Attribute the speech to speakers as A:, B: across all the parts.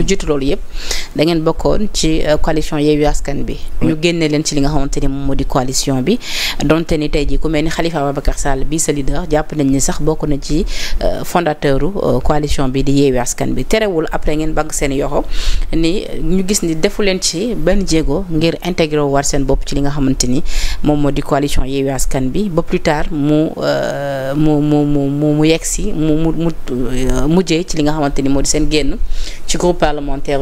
A: lu jiitu loolu yëpp da ngeen bokkoon ci euh, coalition Yewwi Askan bi ñu génne leen ci li nga xamante ni moom moo di coalition bi donte ni tey jii ku mel ni Khalifa Ababacar Sall bi sa leader jàpp nañ ni sax bokk na ci euh, fondateur euh, coalition bi di Yewwi Askan bi terewul après ngeen bagg seen yoxo ni ñu gis ni defu leen ci benn jéego ngir intégré war seen bopp ci li nga xamante ni moom moo di coalition Yewwi Askan bi ba plus tard mu mu mu mu mu yegg si mu mu mujjee ci li nga xamante ni moo di seen génn ci groupe parlementaire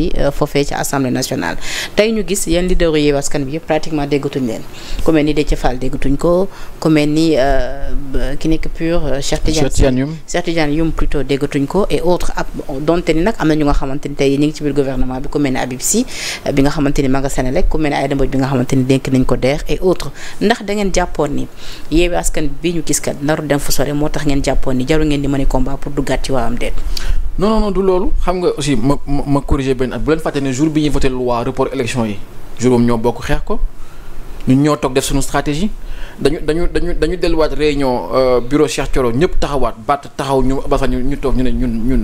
A: bi euh, foofee ci assemblée nationale tey ñu gis yenn leader yi askan bi yëpp pratiquement déggatuñ leen ku mel ni Déthié Fall déggatuñ ko ku mel ni euh, euh, ki nekk pur Cheikh Tidiane Cheikh Tidiane Youm plutôt ko et autres ab donte ni nag am na ñu nga xamante ni tey ñu ngi ci biir gouvernement bi ku mel ni Habib Sy bi nga xamante ni ma nga Senelec ku mel ni Aïda Mbodj bi nga xamante ni nañ ko deex et autres ndax da ngeen jàppoon ni Yewwi Askan bi ñu gis ni jaru ngeen di mën a combat
B: non non du loolu xam nga aussi ma ma ma corriger benn at bu leen fàtte ne jour bi ñuy voté loi report élection yi jour boobu ñoo bokk xeex ko ñun ñoo toog def suñu stratégie dañu dañu dañu dañu delluwaat réunion euh, bureau Cheikh Thioro ñëpp taxawaat baat taxaw ñu ba ñu ñu toog ñu ne ñun ñun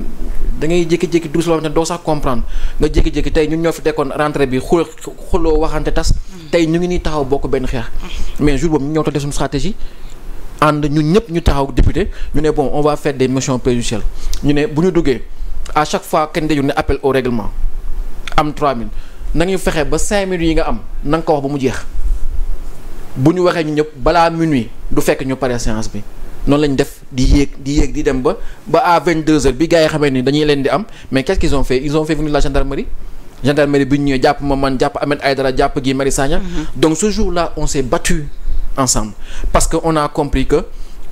B: da ngay jékki-jékki duus loo ne doo sax comprendre nga jékki-jékki tey ñun ñoo fi tekkoon rentrée bi xul xuloo waxante tas. Mm. tey ñu ngi nii taxaw bokk benn xeex. Mm-hmm. mais jour boobu ñu ñoo toog def suñu stratégie. ànd ñun ñëpp ñu taxaw député ñu ne bon on va faire des motions préjudicielles ñu ne bu ñu duggee à chaque fois kenn dañu ne appel au règlement am mille nag ñu fexe ba 5 minutes yi nga am na nga ko wax ba mu jeex bu ñu waxee ñu ñëpp balaa minuit du fekk ñu pare séance bi noonu lañ def di yéeg di yéeg di dem ba ba à 22h bi gars yi xamee ni dañuy leen di am mais qu'est-ce qu'ils ont fait ils ont fait la gendarmerie. gendarmerie bi ñu jàpp ma man jàpp Ahmed Aïdara jàpp Guy Marius Sagna. Mm-hmm. donc ce jour-là on s'est ensemble parce que on a compris que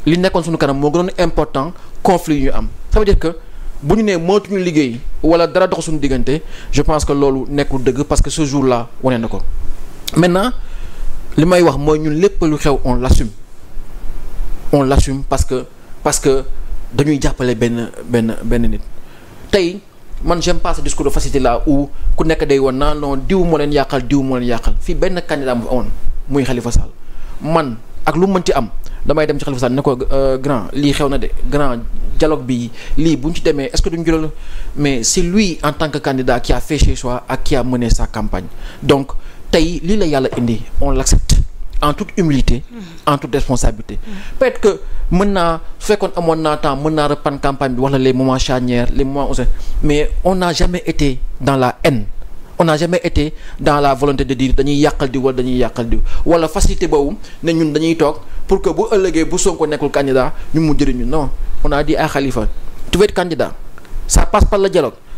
B: li nekkoon suñu kanam moo gënoon important conflit yu ñu am ça veut dire que bu ñu nee mootuñu liggéey wala dara dox suñu diggante je pense que loolu nekkul dëgg parce que ce jour là wane na ko maintenant li may wax mooy ñu lépp lu xew on l'assume on l'assume parce que parce que dañuy jàppale benn benn benn nit tey man j'aime pas ce discours de facilité là où ku nekk day won naa non diw moo leen yàqal diw moo leen yàqal fii benn candidat mu amoon Sall man ak lu mu mënti am damay dem ci Khalifa Sall ne ko euh, grand lii xew na de grand dialogue bi lii bu ñu ci demee est-ce que duñ jëlal mais c'est en tant que candidat qui a fait ses choix ak qui a mené sa campagne donc tey lii la yàlla indi on l'accepte en tout humilité mm-hmm. en toute responsabilité mm-hmm. peut-être que mën naa su fekkoon amoon naa temps mën naa reprendre campagne bi wax la les moments charnières les moments mais on n'a jamais été dans la haine on n'a jamais été la volonté de dire dañuy yàqal diw wala dañuy yàqal diw wala facilité boobu ne ñun dañuy toog pour que bu ëllëgee bu Sonko nekkul candidat ñu mu jëriñu non on a dit à Khalifa tu veux être candidat ça passe par le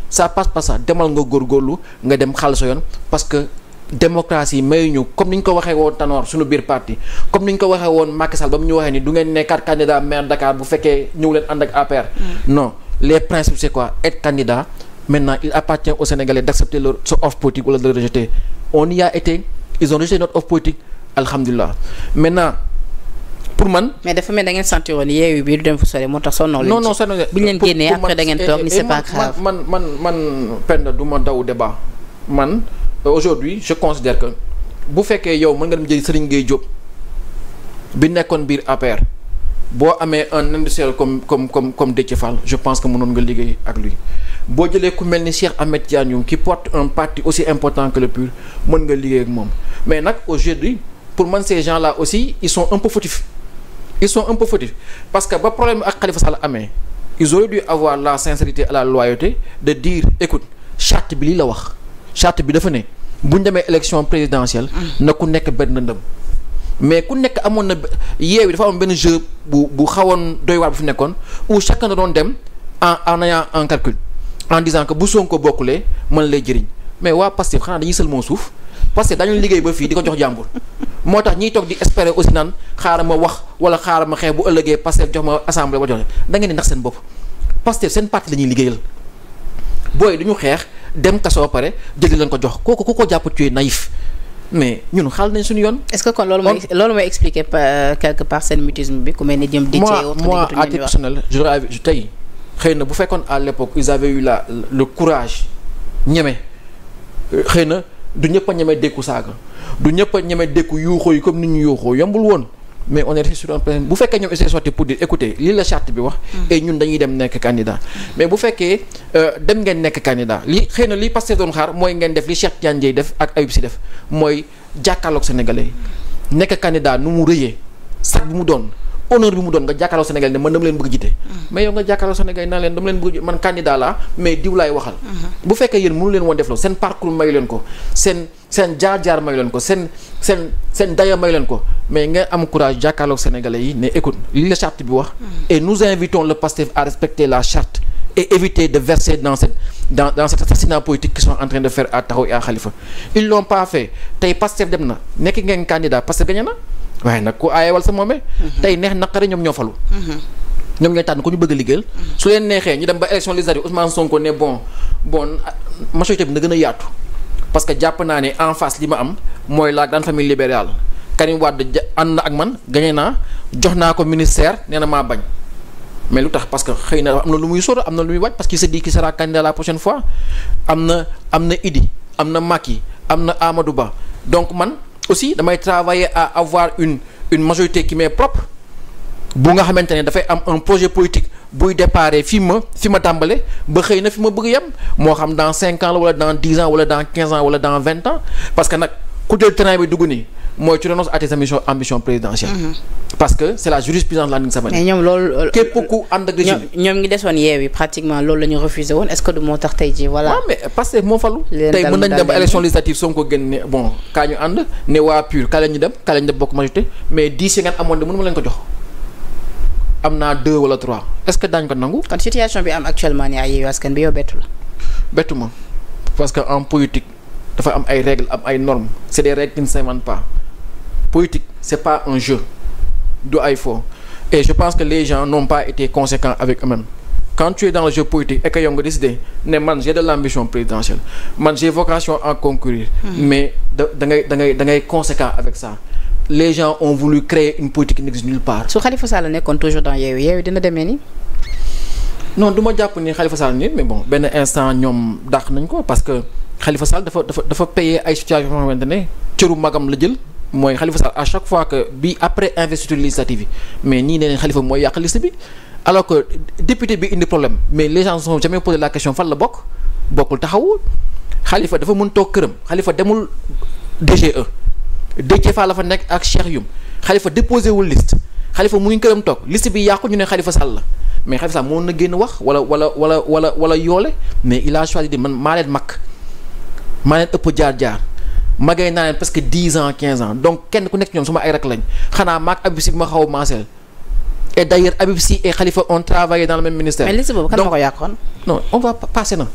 B: sa passe par ça demal nga góorgóorlu nga dem xal sa yoon parce que démocratie mayuñu comme ni ñu ko waxee woon Tanor suñu biir parti comme ni ñu ko waxee woon Macky Sall ba mu ñu waxee ni du ngeen nekkaat candidat maire Dakar bu fekkee ñëw leen ànd ak APR. Mm. non les Maintenant, il appartient aux Sénégalais d'accepter leur offre politique ou de le rejeter. On y a été, ils ont rejeté notre offre politique, alhamdulillah. Maintenant, pour man. mais dafa mel da ngeen sentir woon yeewu bi
A: du dem fu sore moo tax sonnoo leen. non non sonnoo leen ngeen eh, toog ni eh, c'est eh, pas grave.
B: man man man Penda du ma daw débat man euh, aujourd'hui je considère que bu fekkee yow man nga dem jëli Serigne Gueye Diop bi nekkoon biir APR boo amee un industriel comme comme comme comme Déthié je pense que mënoon nga liggéey ak lui. boo jëlee ku mel ni Cheikh Ahmed Tidiane Youm qui porte un parti aussi important que le PUR mën nga liggéey ak moom mais nag aujourd'hui pour man ces gens là aussi ils sont un sont un parce que ba problème ak Khalifa Sall amee ils auraient dû avoir la sincérité et la loyauté de dire écoute charte bi lii la wax charte bi dafa ne bu ñu demee élection présidentielle mm. na ku nekk benn ndëm mais ku nekk amoon na yeewi dafa am benn jeu bu bu xawoon doy waar bu fi nekkoon où chacun da doon dem en en ayant en disant que bu Sonko bokkulee mën lay jëriñ mais waa Pastef xanaa dañuy sël moo suuf parce que dañu liggéey ba fii di ko jox jàmbur moo tax ñiy toog di espérer aussi naan xaaral ma wax wala xaaral ma xeex bu ëllëgee Pastef jox ma assemblée ba joxe da ngeen di nax seen bopp Pastef seen parti la liggéeyal booy du ñu xeex dem kaso ba pare jëli leen ko jox kooku ku ko jàpp tuuti naïf mais ñun xaal nañ suñu yoon. est-ce que kon loolu mooy
A: loolu mooy expliquer euh, quelque part seen mutisme
B: xëy na bu fekkoon à l'époque ils la le courage ñeme xëy na du ñëpp ñeme dékku saaga du ñëpp a ñeme dékku yuuxoo yi comme ni ñu yuuxoo yombul woon mais on est resté sur bu fekkee ñoom ils sont sortis pour dire écoutez lii la charte bi wax. Mm. et ñun dañuy dem nekk candidat. mais bu fekkee euh, dem ngeen nekk candidat li xëy na li Pastef doon xaar mooy ngeen def li Cheikh Tidiane def ak Ayib si def mooy jàkkaarloog sénégalais nekk candidat nu mu rëyee sax bu mu doon. honneur bi mu doon nga jàkkaarloo Sénégal ne man dama leen bëgg jiite mm-hmm. mais yow nga jàkkaarloo Sénégal naa leen dama leen bëgg man candidat laa mais diw waxal mm-hmm. bu fekkee yéen mënu leen woon def loolu seen parcours mayu leen ko seen seen jaar-jaar mayu leen ko seen seen daya mayu leen ko mais nga am courage jàkkaarloo Sénégalais yi ne écoute li la charte bi wax mm-hmm. et nous invitons le PASTEF à respecter la charte et éviter de verser dans cette dans dans politique qu'ils sont en train de faire à Taxawu et waaye nag ku aayewal sa moome mhm. tey neex naqari ñoom ñoo falu mhm. ñoom ñooy tànn ku ñu bëgg a liggéeyal mhm. su leen neexee ñu dem ba élection législative son Sonko ne bon bon majorité bi na gën a yaatu parce que jàpp naa ne en face li ma am mooy la grande famille libérale Karim da ànd na ak man gañe naa jox naa ko ministère nee na maa bañ mais lu tax parce que xëy na am na lu muy sóor am na lu muy waaj parce que il s'est dit qu'il sera candidat la prochaine fois am na am na Idi am na Macky am na Amadou Ba donc man aussi damay travailler à avoir une une majorité qui m'est propre bu nga xamante ne dafay am un projet politique buy déparé fi ma fi ma tàmbale ba xëy na fi ma bëgg yam moo xam dans cinq ans la wala dans dix ans wala dans quinze ans wala dans vingt ans parce que nag ku jël bi dugg nii. mooy tu renonces à mm-hmm. parce que c' est la jurisprudence la Landing Savané. mais ñoom
A: loolu képp ku ànd ak ñoom ngi desoon yeewi pratiquement loolu la ñu woon est ce que du moo tax tey jii voilà. waaw mais
B: parce que moo falu.
A: tey mën nañu dem ba élection
B: législative Sonko génne bon kaa ñu ànd ne waa PUR kaa la dem kaa la dem bokk majorité mais dix yi amoon de mënu ma ko jox. am naa deux wala trois est-ce que daañu ko nangu. kon situation bi am actuellement ni ay Yewwi Askan bi yow bettu la. politique dafa am ay règles am ay normes politique c'est pas un jeu du ay fo et je pense que les gens non pas été conséquents avec eux-mêmes quand tu es dans le jeu politique et que yow nga décidé ne man j'ai de l'ambition présidentielle man vocation à concourir mm-hmm. mais da da ngay da ngay da ngay conséquent avec ça les gens ont voulu créer une politique qui n'existe nulle part. su Khalifa Sall nekkoon toujours dans Yewwi Yewwi dina demee nii. non du ma jàpp ni Khalifa Sall nii mais bon benn instant ñoom dàq nañ ko parce que Khalifa Sall dafa dafa dafa payer ay situations yoo ne cëru magam la jël. mooy xalifa Sall à chaque fois que bi après investiture législative yi mais ñii nee nañ Khalifa mooy yàq liste bi alors que député bi indi problème mais les gens ne sont jamais posé la question fan la bokk bokkul taxawul xalifa dafa mun toog këram xalifa demul DGE Déthié e Fall la fa nekk ak Cheikh Yum xalifa déposé wul liste Khalifa mu ngi këram toog liste bi yàqu ñu ne xalifa Sall la mais Khalifa Sall moo na génn wax wala wala wala wala wala yoole mais il a choisi man maa leen mag maa leen ëpp jaar-jaar magay naa leen presque dix ans quinze ans donc kenn ku nekk ñoom suma ay rak lañ xanaa maak Habib Sy bi ma xaw a maaseel et d'ailleurs Habib Sy et Khalifa ont travaillé dans le même ministère. mais boobu kan ma ko yàqoon. non on va passer na.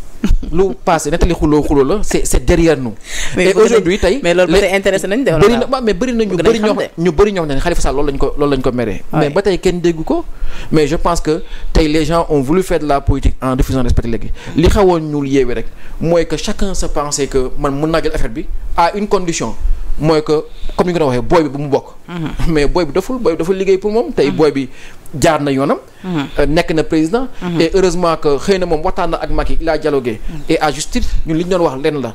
B: lu passé nettali xuloo xuloo la c'est derrière nous. et aujourd'hui tey mais mais bëri ñu bëri ñoo ñu bëri ñoo xam ne Khalifa Sall loolu lañ loolu lañ ko meree. mais ba tey kenn déggu ko mais je pense que tey les gens ont voulu faire de la politique en refusant de respecter li xawoon ñuul yeewee rek mooy que chacun se pensait que man mën naa jël affaire bi à une condition. mooy que comme ni nga waxee booy bi bu mu bokk. Mm-hmm. mais booy bi daful booy jaar na yoonam. Mhm. Euh, nekk na président. Mhm. et heureusement que xëy na moom waxtaan ak Macky il a dialogué. Mhm. et à juste li ñu doon wax lenn la.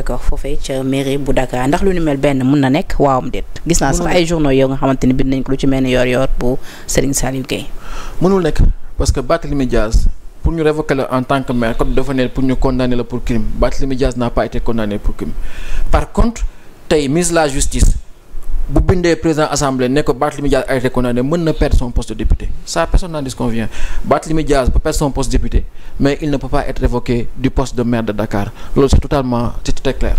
A: Québécois ca mairie bu Dakar ndax lu ni mel benn mun na nekk waawam déet gis naa sax ay journaux
B: yow nga xamante bind nañ ko lu ci mel ni yor-yor bu Serigne Saliou Gueye. mënul nekk parce que Barthélémy Dias pour ñu révoquer la en tant que maire comme dafa pour ñu condamner la pour crime Barthélémy Dias n'a pas été condamné pour crime par contre tey mise la justice. bu bindee président assemblée ne ko Barthélémy Dias a été condamné mën na perdre son poste député ça personne n'en disconvient Barthélémy Dias peut perdre son poste député mais il ne peut pas être révoqué du poste de maire de Dakar loolu c'est totalement c'est très clair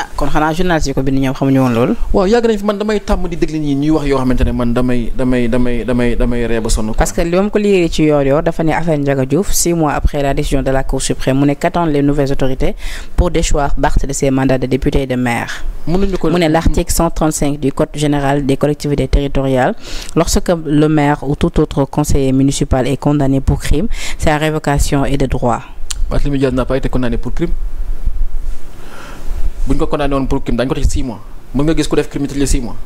B: ah kon xanaa journaliste yi ko bind ñoom xamuñu loolu. waaw yàgg nañ fi man damay tàmm di déglu ñi ñuy wax yoo xamante ne man damay damay damay damay damay ree ba sonn. parce que li ma ko liiree
A: ci yoor yoor dafa ne affaire Ndiaga six mois après la décision de la cour suprême mu ne qu'attendent les nouvelles autorités pour déchoir Barth de ses mandats de député de maire. mu ne l'article du code général des collectivités territoriales lorsque le maire ou tout autre conseiller
B: bu ñu ko condamné woon pour crime dañu ko tëj 6 mois mën nga gis ku def crime tëj la 6 mois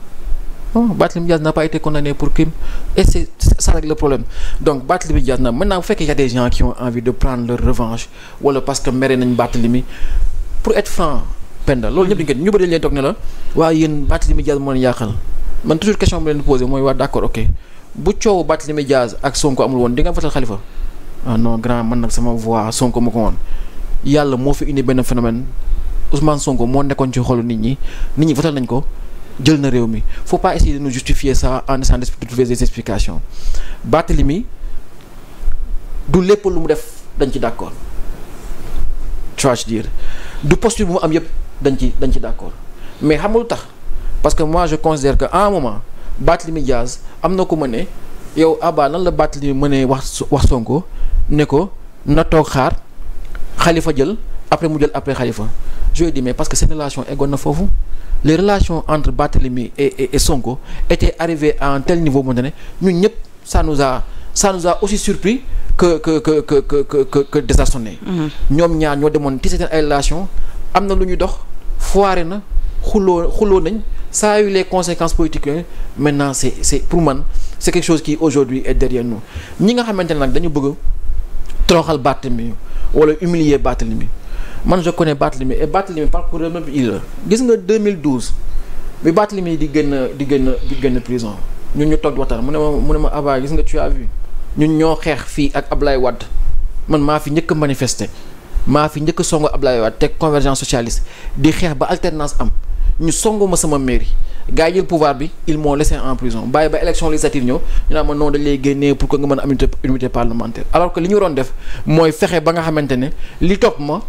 B: bon Barthélémy Dias n'a pas été condamné pour crime et c'est ça règle le problème donc Barthélémy Dias na maintenant bu fekkee y a des gens qui ont envie de prendre leur revanche wala parce que mere nañ Barthélémy pour être franc Penda loolu ñëpp dañu koy ñu bëri leen toog ne la waaye yéen Barthélémy Dias moo leen yàqal man toujours question bi leen posé mooy waa d'accord ok bu woon di nga votal Khalifa ah non grand man nag sama voix Sonko ma ko woon yàlla moo fi indi benn phénomène Ousmane Sonko moo nekkoon ci xolu nit ñi nit ñi votal nañ ko jël na réew mi faut pas essayer de nous justifier ça en essayant de trouver des explications Barthélemy du lépp lu mu def dañ ci d'accord tu vois je veux dire du posture bu mu am yëpp dañ ci dañ ci d'accord mais xam nga tax parce que moi je considère que à un moment Barthélemy Diaz am na ko ma yow Abba nan la baat li mënee wax wax Sonko ne ko na toog xaar xalifa jël après mu jël après Khalifa je lui ai mais parce que seen relation eggoon na foofu les relation entre Barthélemy et, et et Sonko étaient arrivées à un tel niveau moo tax ne ñun ñëpp ça nous a ça a aussi surpris que que que que que que que, que désarçonné. Mhm. ñoom ñaar ñoo demoon ci seen ay relations am na lu ñu dox foire na xuloo xuloo nañ ça a eu les conséquences politiques yooyu maintenant c'est c'est pour man c'est quelque chose qui aujourd'hui est derrière nous ñi nga xamante ne nag dañu bëgg toroxal Barthélemy wala humilier Barthélemy man ne connais Barthélemy et Barthélemy parcours même il la gis nga 2012 bi Barthélemy di génn di génn di génn prison ñun ñu toog di waxtaan mu ne ma mu ne ma Abba gis nga tu as vu ñun ñoo xeex fii ak Ablaye Wade man maa fi njëkk a manifester maa fi njëkk a songu Ablaye Wade teg convergence socialiste di xeex ba alternance am ñu songu ma sama mairie gars yi jël pouvoir bi ils m'ont laissé en prison bàyyi ba élection législative ñëw ñu naan ma non dañ lay génnee pour que nga mën a am unité parlementaire alors que li ñu waroon def mooy fexe ba nga xamante ne li topp ma.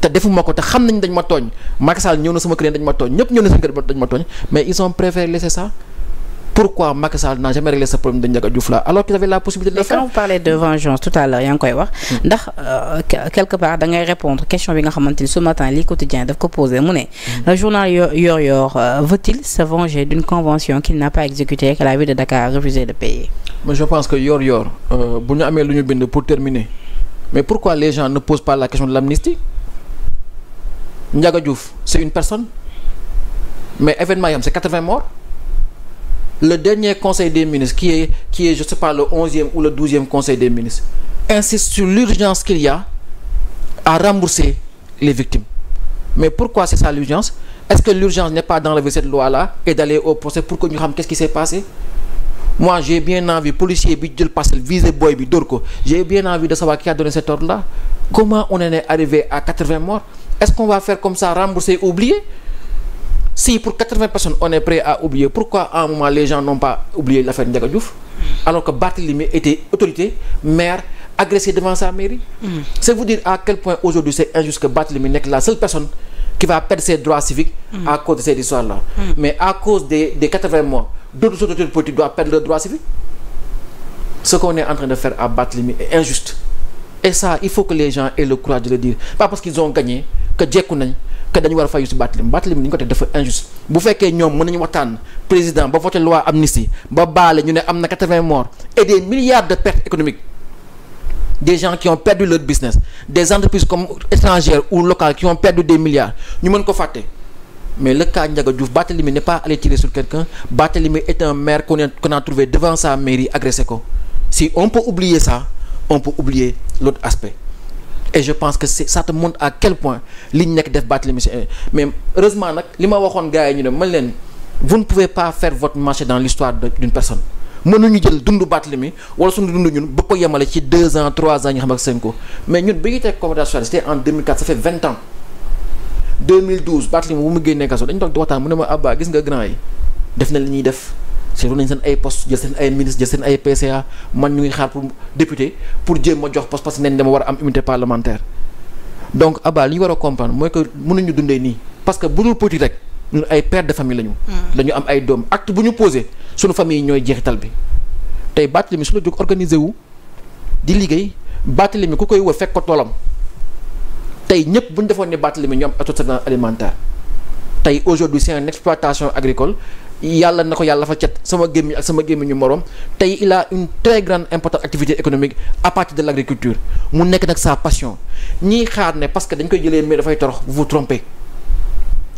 B: te defuma ko te xam nañ dañ ma tooñ Macky Sall ñëw na sama kër dañ ma tooñ ñëpp ñëw na sama kër dañ ma tooñ mais ils ont préféré laisser ça pourquoi Macky Sall n'a jamais réglé ce problème de Ndiaga Diouf là alors qu'il avait la possibilité de le faire. mais quand
A: hmm. euh, ni ce matin li quotidien daf ko posé mu ne. Hmm. le journal Yoor-Yoor euh, veut-il se venger d'une convention qu'il n'a pas exécutée que la ville de Dakar a refusé de payer.
B: je pense que Yoor-Yoor euh, bu ñu amee lu ñu bind pour terminer mais pourquoi Ndiaga Diouf c'est une personne mais événement yi am c'est quatre-vingts morts le dernier conseil des ministres qui est qui est je sais pas le onzième ou le douzième conseil des ministres insiste sur l'urgence qu'il y a à rembourser les victimes mais pourquoi c'est ça l'urgence est-ce que l'urgence n'est pas d'enlever cette loi-là et d'aller au procès pour que ñu xam qu'est-ce qui s'est passé moi j'ai bien envie policier bi jël parcelle visé boy bi dóor ko j'ai bien envie de savoir qui a donné cet ordre à quatre-vingts morts est-ce qu'on va faire comme ça rembourser oublier si pour quatre-vingts personnes on est prêt à oublier pourquoi à un moment les gens n'ont pas oublié l'affaire Ndiaga Diouf mm. alors que Barthélémy était autorité maire agressé devant sa mairie mm. c'est vous dire à quel point aujourd'hui c'est injuste que Barthélémy nekk la seule personne qui va perdre ses droits civiques mm. à cause de cette histoire-là mais à cause des quatre-vingts mois d'autres autorités que jekku nañ que dañu war a fayu si Barthélémy Barthélémy ni ñu ko teg dafa injuste bu fekkee ñoom mën nañu waxtaan président ba voté loi amnistie ba baale ñu ne am na quatre-vingts morts et des milliards de pertes économiques des gens qui ont perdu leur business des entreprises comme étrangères ou locales qui ont perdu des milliards ñu mën ko fàtte mais le cas Ndiaga Diouf Barthélémy n'est pas allé tirer sur quelqu'un Barthélémy est un maire qu'on a qu'on a trouvé devant ko si on peut oublier on peut oublier l'autre aspect et je pense que c'est ça te à quel point li nekk def Barthélémy mais heureusement nag li ma waxoon gars yi ñu ne man leen vous ne pouvez pas faire votre marché dans l'histoire d'une personne mënuñu jël dundu Barthélémy wala suñu dundu ñun ba ko yemale ci deux ans trois ans ñu xam ak Sonko mais ñun bi ñu teg Comité social c'était en 2004 ça fait vingt ans 2012 Barthélémy bu mu génnee kaso dañu toog di waxtaan mu ne ma Abba gis nga grand yi ñuy def. seetoon nañ seen ay poste jël seen ay ministre jël seen ay PCA man ñu ngi xaar pour député pour jéem ma jox poste parce que neen dama war a am immunité parlementaire donc Abba li ñu war a comprendre mooy que mënuñu dundee nii parce que bu dul politique rek ñun ay père de famille lañu. Hmm. dañu am ay doom acte bu ñu posé sunu famille ñooy jeexital bi tey Barthélémy su la jóg organisé wu di liggéey Barthélémy ku koy wër fekk ko toolam tey ñëpp bu ñu defoon ne Barthélémy ñu am autosuffisance alimentaire tey aujourd'hui c'est une exploitation agricole yàlla na ko yàlla fa cet sama gémmiñ ak sama gémmiñu morom tey il a une très grande importante activité économique à partir de lagriculture mu nekk nag sa passion ñiy xaar ne parce que dañ koy jëlee mais dafay torox vous vous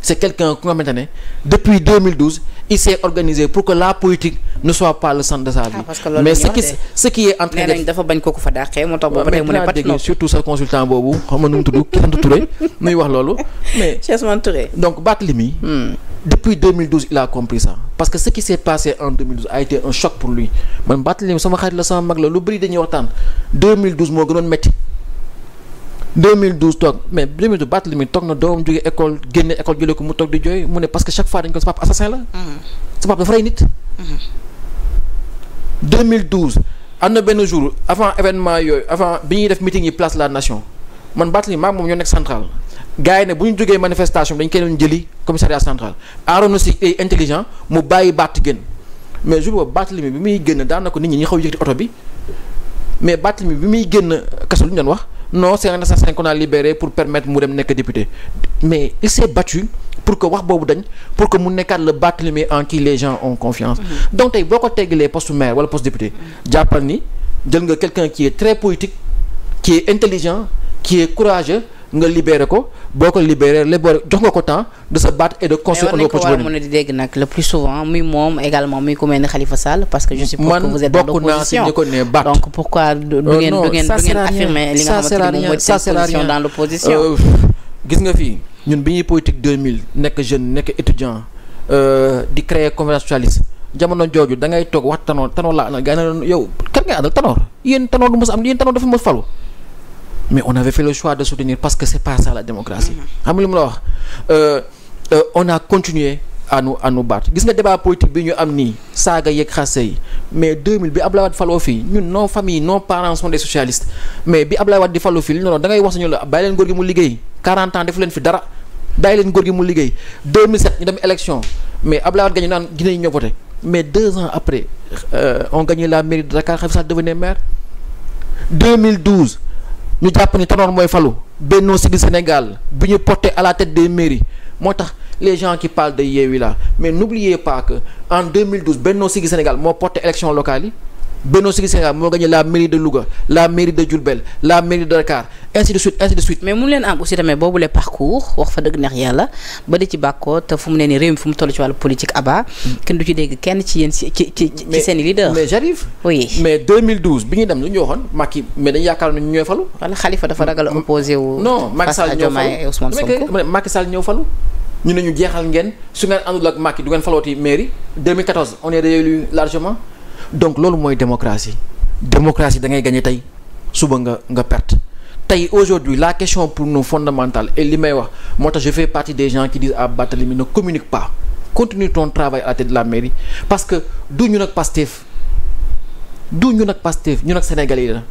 B: c'est quelqu'un ku nga xamante ne depuis 2012 il s'est organisé pour que la politique ne soit pas le centre de sa ah, mais ce qui ce qui est en de dafa bañ kooku fa mu ne surtout sa consultant boobu xam nu mu tudd Kédougne Touré muy wax loolu. mais Chessman Touré. donc Barthélémy. Hmm. depuis il a compris ça parce que ce qui s'est passé en a été un choc pour lui man Barthélémy sama xarit la sama mag la lu bëri dañuy waxtaan moo gënoon métti. 2012 toog mais 2012 Barthélemy toog na doomam jógee école génne école jëlee ko mu toog di jooy mu ne parce que chaque fois dañ ko sa papa assassin la. Mhm. sa papa dafa rey nit. Mhm. am na benn jour avant événement yooyu avant bi ñuy def meeting yi place la nation man Barthélemy maa moom ñoo nekk central gars yi ne bu ñu jógee manifestation dañ kenn doon jëli commissariat central aaroon na si ay intelligent mu bàyyi Barth génn mais jour boobu Barthélemy bi muy génn daanaka nit ñi ñu xaw oto bi mais Barthélemy bi muy génn kaso lu ñu wax. non c'est sax assassin qu'on a libéré pour permettre mu dem nekk député mais il s'est battu pour que wax boobu dañ pour que mu nekkaat le Barthélemy en qui les gens ont confiance mm-hmm. donc tey boo ko teggalee poste maire wala poste député mm-hmm. jàppal ni jël nga quelqu'un qui est très politique qui est intelligent qui est courageux nga libéré ko boo ko libéré libéré jox nga ko temps de se battre et de construire un opposition mais a mën
A: a di dégg nag le plus souvent muy moom également muy ku mel ni Khalifa Sall parce que je suppose que vous êtes dans euh, nga xamante ni moom mooy seen position
B: dans euh, nekk jeune nekk étudiant euh, di créer convergence socialiste jooju da ngay toog wax tanoor tanoor laa ana gaa yi ne yow kan ngay àndal tanoor yéen tanoor du mos am yéen tanoor dafa mos falu mais on avait fait le choix de soutenir parce que c'est pas ça la démocratie. xam nga lu mu la wax euh, euh, on a continué à nous à nous gis nga débat politique bi ñu am nii saaga yeeg xase yi mais 2000 bi Abdoulaye Wade faloo fii ñun nos familles nos parents sont des mais bi Abdoulaye Wade di faloo fii non non da ngay wax sañu la bàyyi leen góor gi mu liggéey 40 ans defu leen fi dara bàyyi leen góor gi mu liggéey 2007 ñu dem élection mais Abdoulaye Wade gañu naan Guinée yi ñoo voté mais deux après euh, on gagné la mairie de Dakar Khalifa Sall devenait ñu jàpp ni Tanor mooy falu Benno Siggil Sénégal bi ñu porté à la tête des moo tax les gens qui de Yewwi là mais n'oubliez pas que en 2012 Benno Siggil Sénégal moo porté élection locale yi Benno Siggil Sénégal moo gagné mairie de Louga la mairie de Diourbel la mairie de Dakar ainsi de suite ainsi de leen am aussi boobu le parcours
A: wax fa dëgg neex yàlla ba di ci bàkkoo te fu mu ne réew mi fu mu toll ci wàllu politique aba kenn du ci dégg kenn ci yéen i leader. mais
B: j'arrive oui mais 2012 bi ñu dem lu ñu waxoon
A: Macky mais dañu yaakaar ne ñu ñooy falu. wala Khalifa dafa ragal a opposé wu. non Macky Sall ñoo falu
B: face falu. ñu ne ñu ngeen su ngeen àndul ak donc loolu mooy démocratie démocratie da ngay gagné tey suba nga nga perte tey aujourd'hui la question pour nu fondamentale et li may wax moo tax je fais partie des gens qui disent à Barthélémy ne communique pas continue ton travail à la tête de la mairie parce que du ñu nag Pastef du ñu nag Pastef ñu nag sénégalais yi la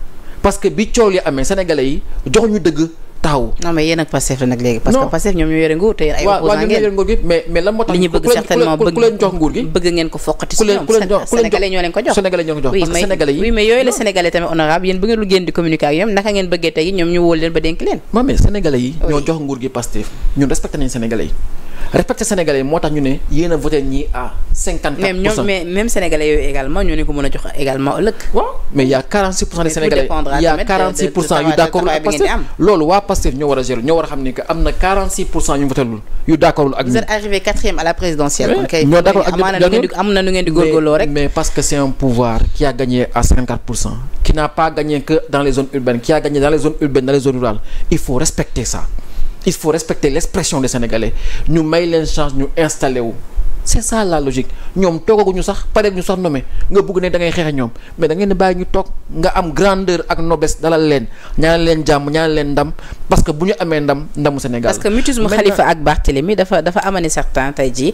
B: parce que bi coow li amee sénégalais yi jox ñu dëgg taxawu. non mais yéen ak Pastef la nag léegi. parce
A: que ñoom ñoo yore nguur te yéen ay. opposant
B: nguur gi mais mais moo tax. li ñu bëgg certainement bëgg ku leen jox nguur gi. bëgg ngeen ko foqati si ñoom. ku leen jox sénégalais ñoo leen ko jox. sénégalais
A: mais yooyu la sénégalais tamit honorable yéen bu lu génn di communiquer naka ngeen bëggee tey ñoom ñu wóol leen ba dénk leen.
B: mais sénégalais yi ñoo jox nguur gi Pastef ñun respecté nañ sénégalais yi
A: respecté sénégalais moo tax ñu ne yéen a voté à cinquante mais même sénégalais yooyu également ñoo ne ko mën a jox également ëllëg.
B: mais y' quarante six pour cent des sénégalais y' quarante six pour cent yu d' loolu waa Pastef ñoo war a ñoo war xam ni que am na quarante six pour cent yu voté lul yu d' ak. mais parce que c' un pouvoir qui a gagné à cinquante pour cent qui n'a pas gagné que dans les zones urbaines qui a gagné dans les il faut respecter l'expression des Sénégalais ñu may leen chance ñu installé wu c'est ça la logique ñoom toogaguñu sax pare ñu sax nommé nga bëgg ne da ngay xeex ñoom mais da ngeen bàyyi ñu toog nga am grandeur ak noblesse dalal leen ñaanal leen jàmm ñaanal leen ndam parce que bu ñu amee ndam ndamu Sénégal. parce que mutisme Khalifa
A: ak Barthélémy dafa dafa amani certain tey jii